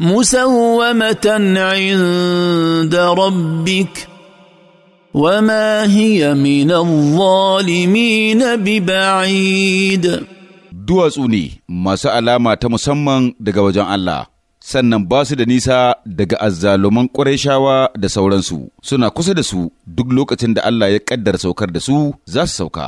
مسومه عند ربك وما هي من الظالمين ببعيد duwatsu ne masu alama ta musamman daga wajen Allah sannan ba su da nisa daga azzaluman ƙwarai da sauransu suna kusa da su duk lokacin da Allah ya ƙaddara saukar da su za su sauka